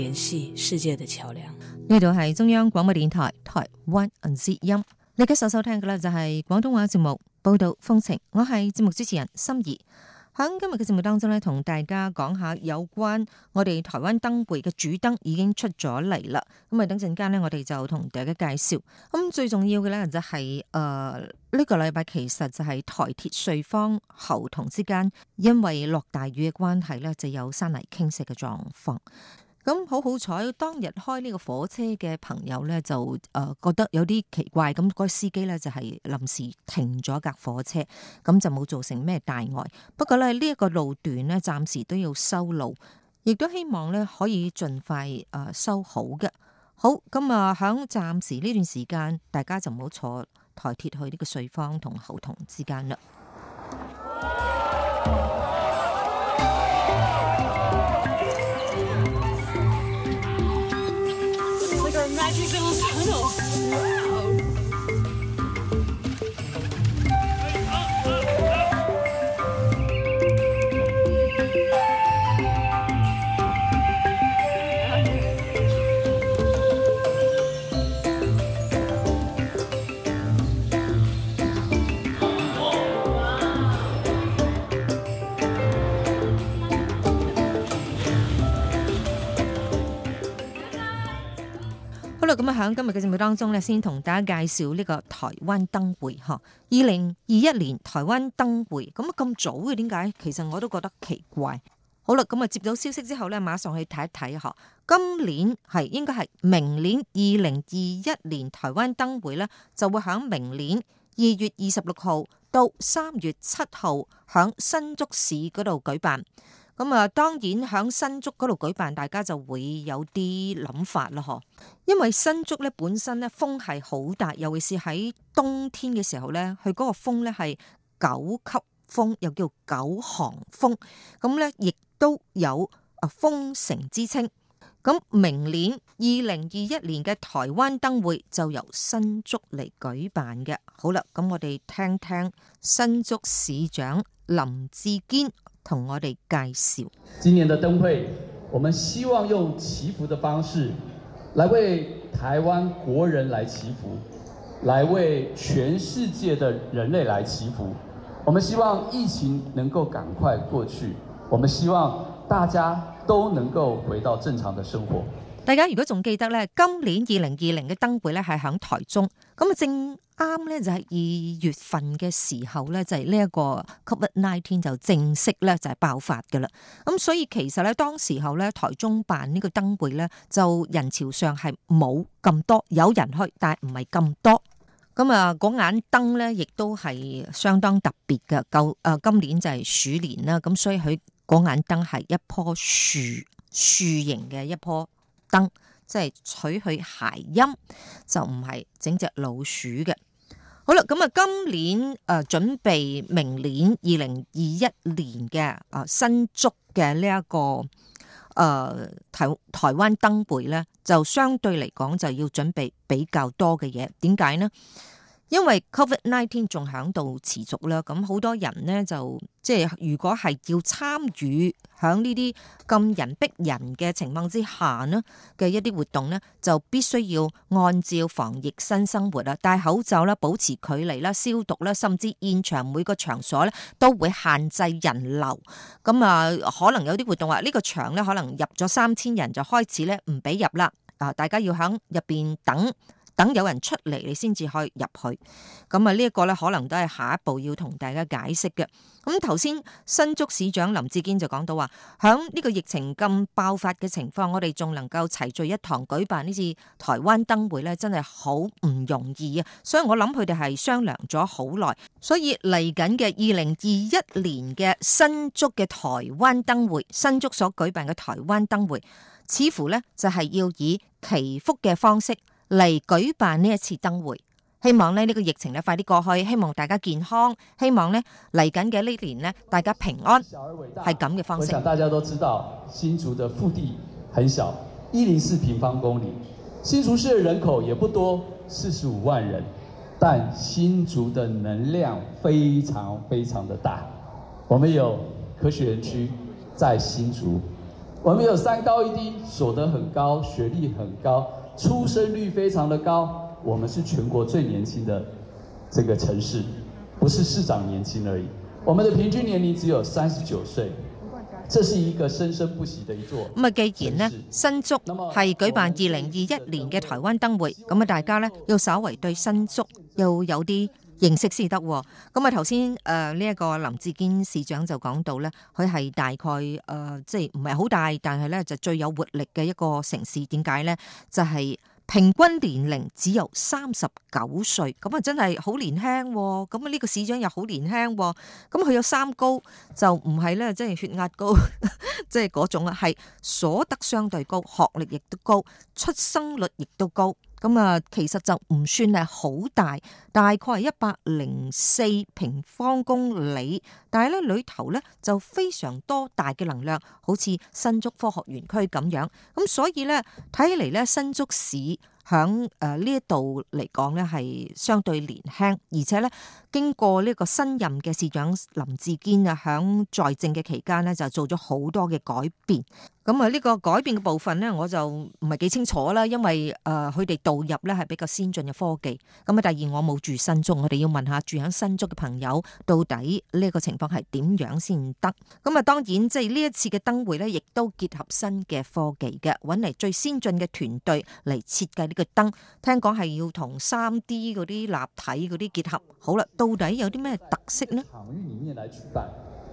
聯繫世界的橋樑。呢度係中央廣播電台台灣之音。你家首收，收聽嘅呢就係廣東話節目報道風情。我係節目主持人心儀，響今日嘅節目當中呢，同大家講下有關我哋台灣燈會嘅主燈已經出咗嚟啦。咁啊，等陣間呢，我哋就同大家介紹。咁最重要嘅呢、就是，就係誒呢個禮拜其實就係台鐵瑞芳喉同之間，因為落大雨嘅關係呢，就有山泥傾瀉嘅狀況。咁好好彩，當日開呢個火車嘅朋友呢，就誒、呃、覺得有啲奇怪，咁、那、嗰、個、司機呢，就係、是、臨時停咗架火車，咁就冇造成咩大礙。不過呢、呢、這、一個路段呢，暫時都要修路，亦都希望呢，可以盡快誒修、呃、好嘅。好，咁啊響暫時呢段時間，大家就唔好坐台鐵去呢個瑞芳同猴硐之間啦。 咁啊，喺今日嘅節目當中咧，先同大家介紹呢個台灣燈會嗬。二零二一年台灣燈會咁啊，咁早嘅點解？其實我都覺得奇怪。好啦，咁啊，接到消息之後咧，馬上去睇一睇嗬。今年係應該係明年二零二一年台灣燈會咧，就會喺明年二月二十六號到三月七號喺新竹市嗰度舉辦。咁啊，當然喺新竹嗰度舉辦，大家就會有啲諗法囉，嗬。因為新竹咧本身咧風係好大，尤其是喺冬天嘅時候咧，佢嗰個風咧係九級風，又叫九降風，咁咧亦都有啊風城之稱。咁明年二零二一年嘅台灣燈會就由新竹嚟舉辦嘅。好啦，咁我哋聽聽新竹市長林志堅同我哋介紹。今年嘅燈會，我們希望用祈福嘅方式，來為台灣國人來祈福，來為全世界嘅人類來祈福。我們希望疫情能夠趕快過去，我們希望大家。都能夠回到正常嘅生活。大家如果仲記得咧，今年二零二零嘅燈會咧係響台中，咁啊正啱咧就係二月份嘅時候咧，就係呢一個 Covid nineteen 就正式咧就係爆發噶啦。咁所以其實咧當時候咧台中辦呢個燈會咧就人潮上係冇咁多，有人去但係唔係咁多。咁啊講眼燈咧亦都係相當特別嘅，舊誒，今年就係鼠年啦，咁所以佢。嗰眼燈係一棵樹樹形嘅一棵燈，即係取去諧音，就唔係整隻老鼠嘅。好啦，咁啊，今年誒、呃、準備明年二零二一年嘅啊、呃、新竹嘅、這個呃、呢一個誒台台灣燈會咧，就相對嚟講就要準備比較多嘅嘢，點解呢？因為 Covid nineteen 仲響度持續啦，咁好多人咧就即係如果係要參與響呢啲咁人逼人嘅情況之下呢嘅一啲活動咧，就必須要按照防疫新生活啊，戴口罩啦，保持距離啦，消毒啦，甚至現場每個場所咧都會限制人流。咁啊，可能有啲活動話呢個場咧可能入咗三千人就開始咧唔俾入啦，啊大家要響入邊等。等有人出嚟，你先至可以入去。咁啊，呢一個咧，可能都係下一步要同大家解釋嘅。咁頭先，新竹市長林志堅就講到話，響呢個疫情咁爆發嘅情況，我哋仲能夠齊聚一堂舉辦呢次台灣燈會咧，真係好唔容易啊！所以我諗佢哋係商量咗好耐，所以嚟緊嘅二零二一年嘅新竹嘅台灣燈會，新竹所舉辦嘅台灣燈會，似乎咧就係要以祈福嘅方式。嚟舉辦呢一次燈會，希望呢呢個疫情呢快啲過去，希望大家健康，希望呢嚟緊嘅呢年呢，大家平安，係咁嘅方式。我想大家都知道，新竹的腹地很小，一零四平方公里，新竹市嘅人口也不多，四十五萬人，但新竹的能量非常非常的大。我們有科學園區在新竹，我們有三高一低，所得很高，學歷很高，出生率非常的高，我們是全國最年輕的這個城市，不是市長年輕而已，我們的平均年齡只有三十九歲，這是一個生生不息的一座。咁啊，既然呢新竹係舉辦二零二一年嘅台灣燈會，咁啊大家呢又稍微對新竹又有啲。認識先得喎。咁啊，頭先誒呢一個林志堅市長就講到咧，佢係大概誒即係唔係好大，但係咧就是、最有活力嘅一個城市。點解咧？就係、是、平均年齡只有三十九歲，咁啊真係好年輕、喎。咁啊呢個市長又好年輕、喎。咁佢有三高，就唔係咧即係血壓高，即係嗰種啊，係所得相對高、學歷亦都高、出生率亦都高。咁啊，其實就唔算係好大，大概係一百零四平方公里，但係咧裏頭咧就非常多大嘅能量，好似新竹科學園區咁樣，咁所以咧睇起嚟咧新竹市。響誒呢一度嚟講咧，係相對年輕，而且咧經過呢個新任嘅市長林志堅啊，響在政嘅期間呢就做咗好多嘅改變。咁啊呢個改變嘅部分咧，我就唔係幾清楚啦，因為誒佢哋導入咧係比較先進嘅科技。咁啊第二，我冇住新竹，我哋要問下住響新竹嘅朋友，到底呢個情況係點樣先得？咁啊當然即係呢一次嘅燈會咧，亦都結合新嘅科技嘅，揾嚟最先進嘅團隊嚟設計呢、這個嘅燈，聽講係要同三 D 嗰啲立體嗰啲結合，好啦，到底有啲咩特色呢？場域裏面來舉辦，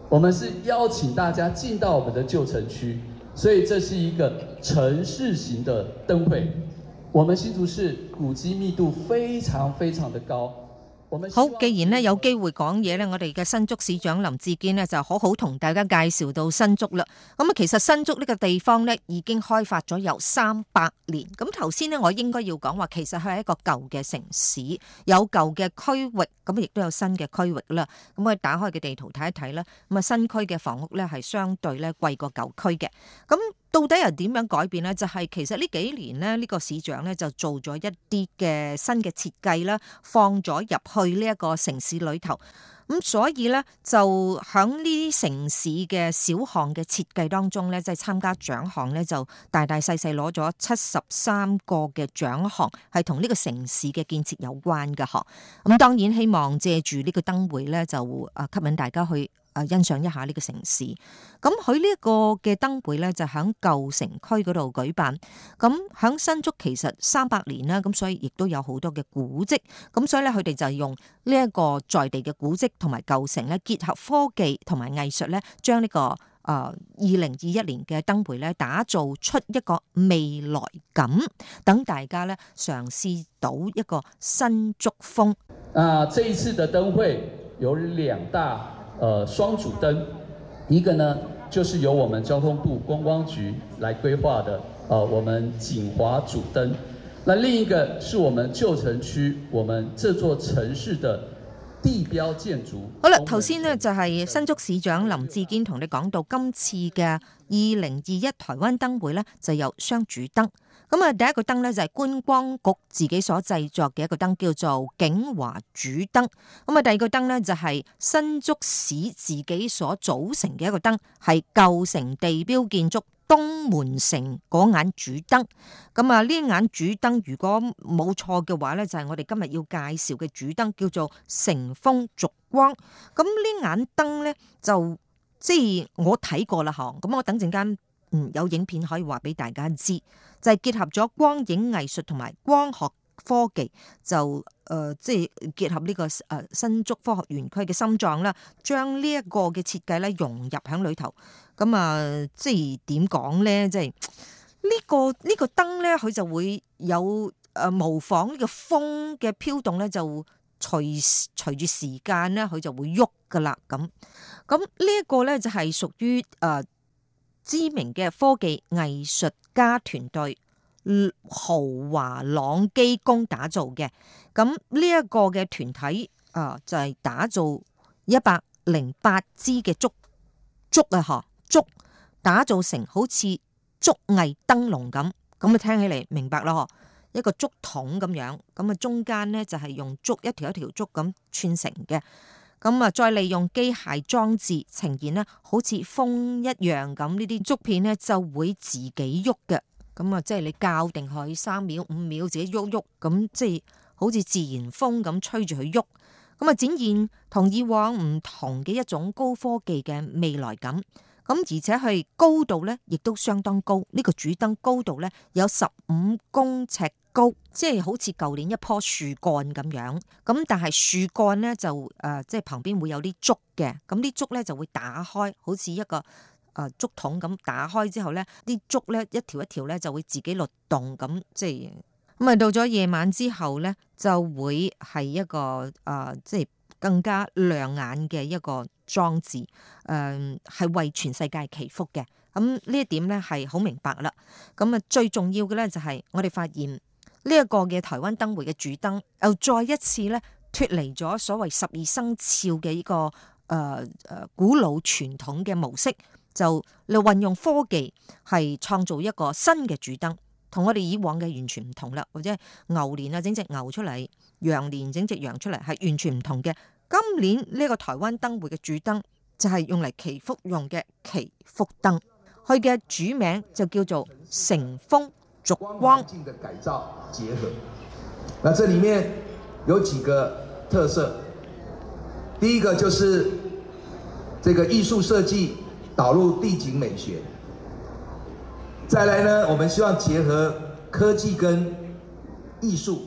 我們是邀請大家進到我們的舊城區，所以這是一個城市型的燈會。我們新竹市古迹密度非常非常的高。好，既然咧有機會講嘢咧，我哋嘅新竹市長林智堅咧就好好同大家介紹到新竹啦。咁啊，其實新竹呢個地方咧已經開發咗有三百年。咁頭先咧，我應該要講話，其實佢係一個舊嘅城市，有舊嘅區域，咁亦都有新嘅區域啦。咁我打開嘅地圖睇一睇啦。咁啊，新區嘅房屋咧係相對咧貴過舊區嘅。咁到底又點樣改變咧？就係其實呢幾年咧，呢個市長咧就做咗一啲嘅新嘅設計啦，放咗入去呢一個城市裏頭。咁所以咧，就喺呢啲城市嘅小項嘅設計當中咧，即係參加獎項咧，就大大細細攞咗七十三個嘅獎項，係同呢個城市嘅建設有關嘅嗬，咁當然希望借住呢個燈會咧，就啊吸引大家去。啊！欣賞一下呢個城市，咁佢呢一個嘅燈會咧，就喺舊城區嗰度舉辦。咁喺新竹其實三百年啦，咁所以亦都有好多嘅古蹟。咁所以咧，佢哋就用呢一個在地嘅古蹟同埋舊城咧，結合科技同埋藝術咧，將呢個啊二零二一年嘅燈會咧，打造出一個未來感，等大家咧嘗試到一個新竹風。啊，這一次嘅燈會有兩大。呃，雙、嗯、主燈，一個呢，就是由我們交通部觀光局來規劃的，啊、呃，我們錦華主燈，那另一個是我們舊城區，我們這座城市的地標建築。好啦，頭先呢就係新竹市長林智堅同你講到，今次嘅二零二一台灣燈會呢就有雙主燈。咁啊，第一個燈咧就係觀光局自己所製作嘅一個燈，叫做景華主燈。咁啊，第二個燈咧就係新竹市自己所組成嘅一個燈，係舊城地標建築東門城嗰眼主燈。咁啊，呢眼主燈如果冇錯嘅話咧，就係、是、我哋今日要介紹嘅主燈，叫做乘風逐光。咁呢眼燈咧就即係、就是、我睇過啦，吓。咁我等陣間。嗯，有影片可以話俾大家知，就係、是、結合咗光影藝術同埋光學科技，就誒、呃，即係結合呢、這個誒、呃、新竹科學園區嘅心臟啦，將呢一個嘅設計咧融入喺裏頭。咁、嗯、啊、呃，即係點講咧？即係、這個這個、呢個呢個燈咧，佢就會有誒、呃、模仿呢個風嘅飄動咧，就隨隨住時間咧，佢就會喐噶啦。咁咁呢一個咧就係屬於誒。呃知名嘅科技藝術家團隊豪華朗機工打造嘅，咁呢一個嘅團體啊，就係打造一百零八支嘅竹竹啊，嗬竹打造成好似竹藝燈籠咁，咁啊聽起嚟明白啦，嗬一個竹筒咁樣，咁啊中間咧就係用竹一條一條竹咁串成嘅。咁啊，再利用機械裝置呈現咧，好似風一樣咁，呢啲竹片咧就會自己喐嘅。咁啊，即係你校定佢三秒五秒自己喐喐咁，即係好似自然風咁吹住佢喐。咁啊，展現同以往唔同嘅一種高科技嘅未來感。咁而且係高度咧，亦都相當高。呢、這個主燈高度咧有十五公尺。高即係、就是、好似舊年一棵樹幹咁樣咁，但係樹幹咧就誒，即、呃、係、就是、旁邊會有啲竹嘅咁，啲竹咧就會打開，好似一個誒、呃、竹筒咁打開之後咧，啲竹咧一條一條咧就會自己律動咁，即係咁啊。到咗夜晚之後咧，就會係一個誒，即、呃、係、就是、更加亮眼嘅一個裝置誒，係、呃、為全世界祈福嘅咁呢一點咧係好明白啦。咁啊，最重要嘅咧就係、是、我哋發現。呢一個嘅台灣燈會嘅主燈，又再一次咧脫離咗所謂十二生肖嘅呢個誒誒、呃、古老傳統嘅模式，就嚟運用科技係創造一個新嘅主燈，同我哋以往嘅完全唔同啦，或者牛年啊整隻牛出嚟，羊年整隻羊出嚟，係完全唔同嘅。今年呢個台灣燈會嘅主燈就係用嚟祈福用嘅祈福燈，佢嘅主名就叫做乘風。光環境的改造結合，那這裡面有幾個特色，第一個就是這個藝術設計導入地景美學，再來呢，我們希望結合科技跟藝術。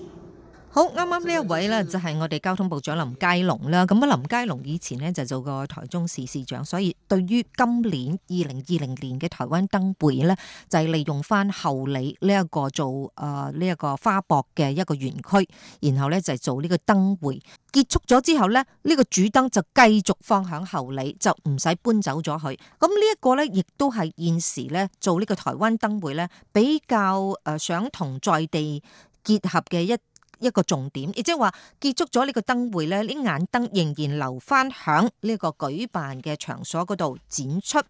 好啱啱呢一位咧，就係、是、我哋交通部長林佳龍啦。咁啊，林佳龍以前咧就做過台中市市長，所以對於今年二零二零年嘅台灣燈會咧，就係、是、利用翻后里呢、呃這個、一個做誒呢一個花博嘅一個園區，然後咧就做呢個燈會結束咗之後咧，呢、這個主燈就繼續放響后里，就唔使搬走咗佢。咁呢一個咧，亦都係現時咧做呢個台灣燈會咧比較誒想同在地結合嘅一。一個重點，亦即係話結束咗呢個燈會咧，呢眼燈仍然留翻響呢個舉辦嘅場所嗰度展出。咁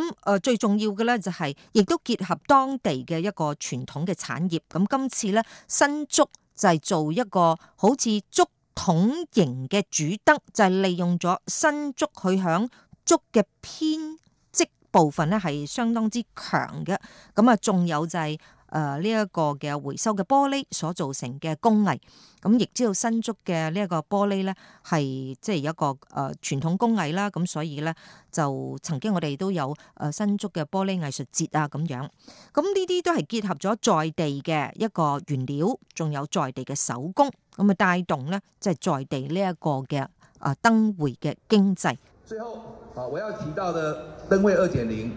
誒、呃，最重要嘅咧就係、是，亦都結合當地嘅一個傳統嘅產業。咁今次咧，新竹就係做一個好似竹筒型嘅主燈，就係、是、利用咗新竹佢響竹嘅編織部分咧，係相當之強嘅。咁啊，仲有就係、是。誒呢一個嘅回收嘅玻璃所造成嘅工藝，咁亦知道新竹嘅呢一個玻璃咧，係即係一個誒傳統工藝啦。咁所以咧，就曾經我哋都有誒新竹嘅玻璃藝術節啊，咁樣。咁呢啲都係結合咗在地嘅一個原料，仲有在地嘅手工，咁啊帶動咧，即係在地呢一個嘅誒燈會嘅經濟。最後，啊，我要提到嘅燈會二點零，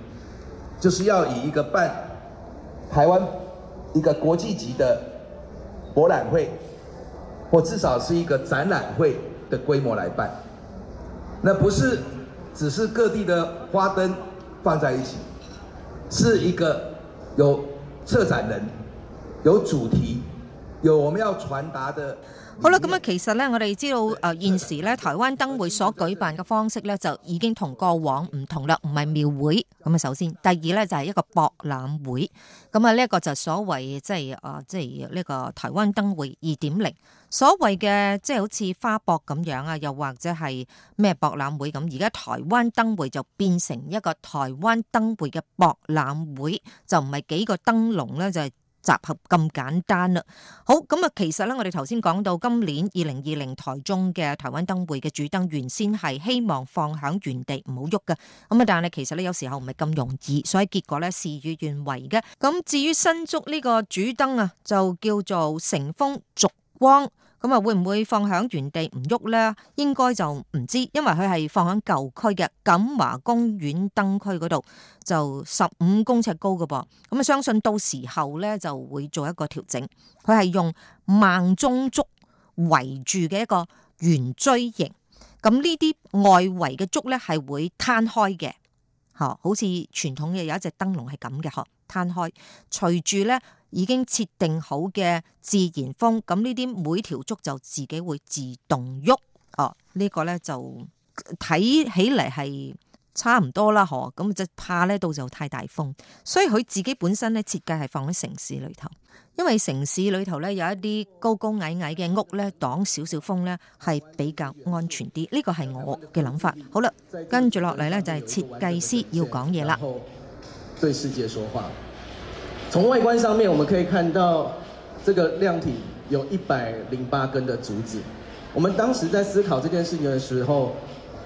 就是要以一個半。台灣一個國際級的博覽會，或至少是一個展覽會的規模來辦，那不是只是各地的花燈放在一起，是一個有策展人，有主題。有我們要傳達嘅好啦，咁啊，其實咧，我哋知道，誒，現時咧，台灣燈會所舉辦嘅方式咧，就已經同過往唔同啦，唔係廟會。咁啊，首先，第二咧就係一個博覽會。咁啊，呢一個就所謂即係，誒，即係呢個台灣燈會二點零。所謂嘅，即係好似花博咁樣啊，又或者係咩博覽會咁。而家台灣燈會就變成一個台灣燈會嘅博覽會，就唔係幾個燈籠咧，就係、是。集合咁簡單啦，好，咁啊，其實咧，我哋頭先講到今年二零二零台中嘅台灣燈會嘅主燈原先係希望放喺原地唔好喐噶，咁啊，但係咧其實咧有時候唔係咁容易，所以結果咧事與願違嘅。咁至於新竹呢個主燈啊，就叫做乘風逐光。咁啊，會唔會放響原地唔喐咧？應該就唔知，因為佢係放響舊區嘅錦華公園燈區嗰度，就十五公尺高嘅噃。咁啊，相信到時候咧就會做一個調整。佢係用孟宗竹圍住嘅一個圓錐形，咁呢啲外圍嘅竹咧係會攤開嘅。哦，好似傳統嘅有一隻燈籠係咁嘅，呵，攤開，隨住咧已經設定好嘅自然風，咁呢啲每條竹就自己會自動喐，哦，這個、呢個咧就睇起嚟係。差唔多啦，嗬，咁就怕咧，到就太大風，所以佢自己本身咧設計係放喺城市裏頭，因為城市裏頭咧有一啲高高矮矮嘅屋咧擋少少風咧係比較安全啲，呢個係我嘅諗法。好啦，跟住落嚟咧就係設計師要講嘢啦。對世界說話，從外觀上面我們可以看到，這個量體有一百零八根的竹子。我們當時在思考這件事情嘅時候。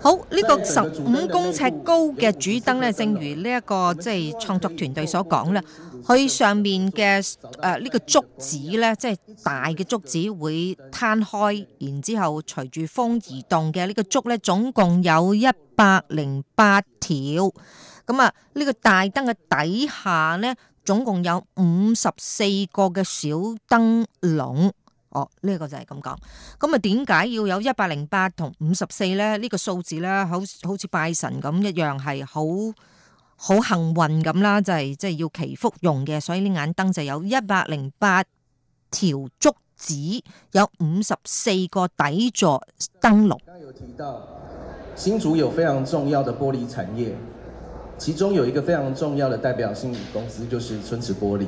好，呢個十五公尺高嘅主燈咧，正如呢一個即係創作團隊所講啦，佢上面嘅誒呢個竹子咧，即係大嘅竹子會攤開，然之後隨住風移動嘅呢個竹咧，總共有一百零八條。咁啊，呢個大燈嘅底下咧，總共有五十四個嘅小燈籠。呢一，哦，這個就係咁講，咁啊，點解要有一百零八同五十四咧？呢，這個數字咧，好好似拜神咁一樣，係好好幸運咁啦。就係即係要祈福用嘅，所以呢眼燈就有一百零八條竹子，有五十四個底座燈籠。剛剛有提到新竹有非常重要的玻璃產業，其中有一個非常重要的代表性公司就是春池玻璃，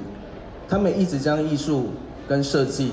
他們一直將藝術跟設計，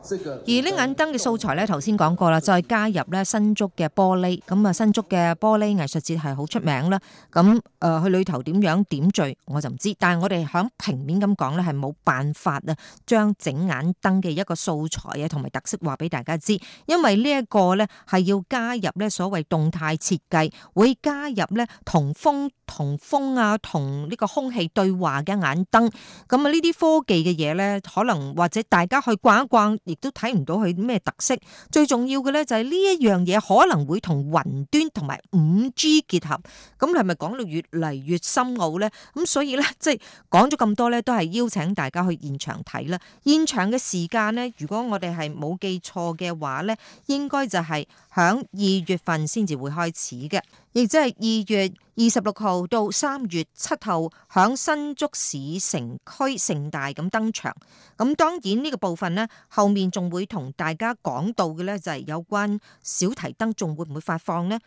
而呢眼燈嘅素材咧，頭先講過啦，就係、是、加入咧新竹嘅玻璃，咁啊新竹嘅玻璃藝術節係好出名啦。咁、嗯、誒，佢、呃、裏頭點樣點綴，我就唔知。但係我哋響平面咁講咧，係冇辦法啊，將整眼燈嘅一個素材啊，同埋特色話俾大家知，因為呢一個咧係要加入咧所謂動態設計，會加入咧同風。同風啊，同呢個空氣對話嘅眼燈，咁啊呢啲科技嘅嘢咧，可能或者大家去逛一逛，亦都睇唔到佢咩特色。最重要嘅咧就係呢一樣嘢可能會同雲端同埋五 G 結合，咁係咪講到越嚟越深奧咧？咁所以咧，即係講咗咁多咧，都係邀請大家去現場睇啦。現場嘅時間咧，如果我哋係冇記錯嘅話咧，應該就係響二月份先至會開始嘅。亦即係二月二十六號到三月七號，響新竹市城區盛大咁登場。咁當然呢個部分咧，後面仲會同大家講到嘅咧就係有關小提燈仲會唔會發放咧？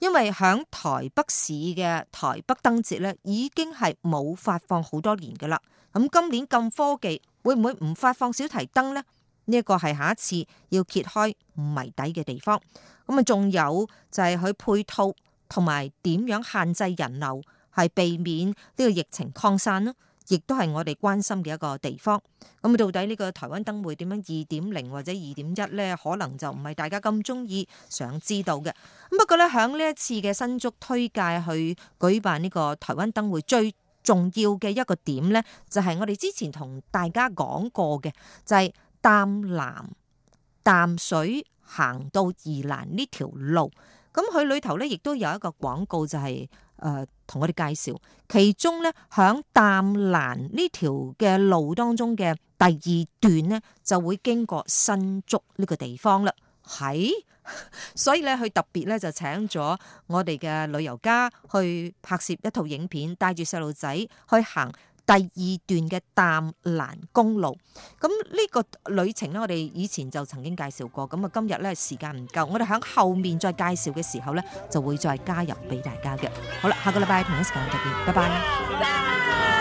因為響台北市嘅台北燈節咧已經係冇發放好多年噶啦。咁今年咁科技會唔會唔發放小提燈咧？呢一個係下一次要揭開謎底嘅地方。咁啊，仲有就係佢配套同埋點樣限制人流，係避免呢個疫情擴散咯，亦都係我哋關心嘅一個地方。咁到底呢個台灣燈會點樣二點零或者二點一咧？可能就唔係大家咁鍾意想知道嘅。咁不過咧，喺呢一次嘅新竹推介去舉辦呢個台灣燈會，最重要嘅一個點咧，就係、是、我哋之前同大家講過嘅就係、是。淡蘭淡水行到宜蘭呢條路，咁佢裏頭咧亦都有一個廣告，就是，就係誒同我哋介紹，其中咧響淡蘭呢條嘅路當中嘅第二段咧，就會經過新竹呢個地方啦。係， 所以咧佢特別咧就請咗我哋嘅旅遊家去拍攝一套影片，帶住細路仔去行。第二段嘅淡蘭公路，咁呢個旅程呢，我哋以前就曾經介紹過，咁啊今日呢，時間唔夠，我哋響後面再介紹嘅時候呢，就會再加入俾大家嘅。好啦，下個禮拜同一時間再見，拜拜。拜拜。